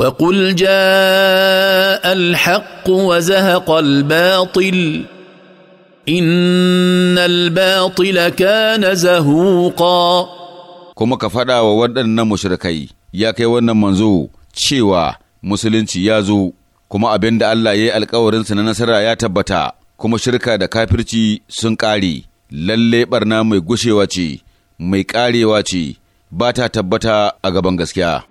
وقل جاء الحق وزهق الباطل ان الباطل كان زهوقا kuma ka faɗa wa waɗannan mushrikai ya kai wannan manzo cewa musulunci ya zo kuma abin da Allah ya yi alkawarinsa na nasara ya tabbata kuma shirka da kafirci sun ƙare lalle ɓarna mai gushewa ce mai ƙarewa ce ba ta tabbata a gaban gaskiya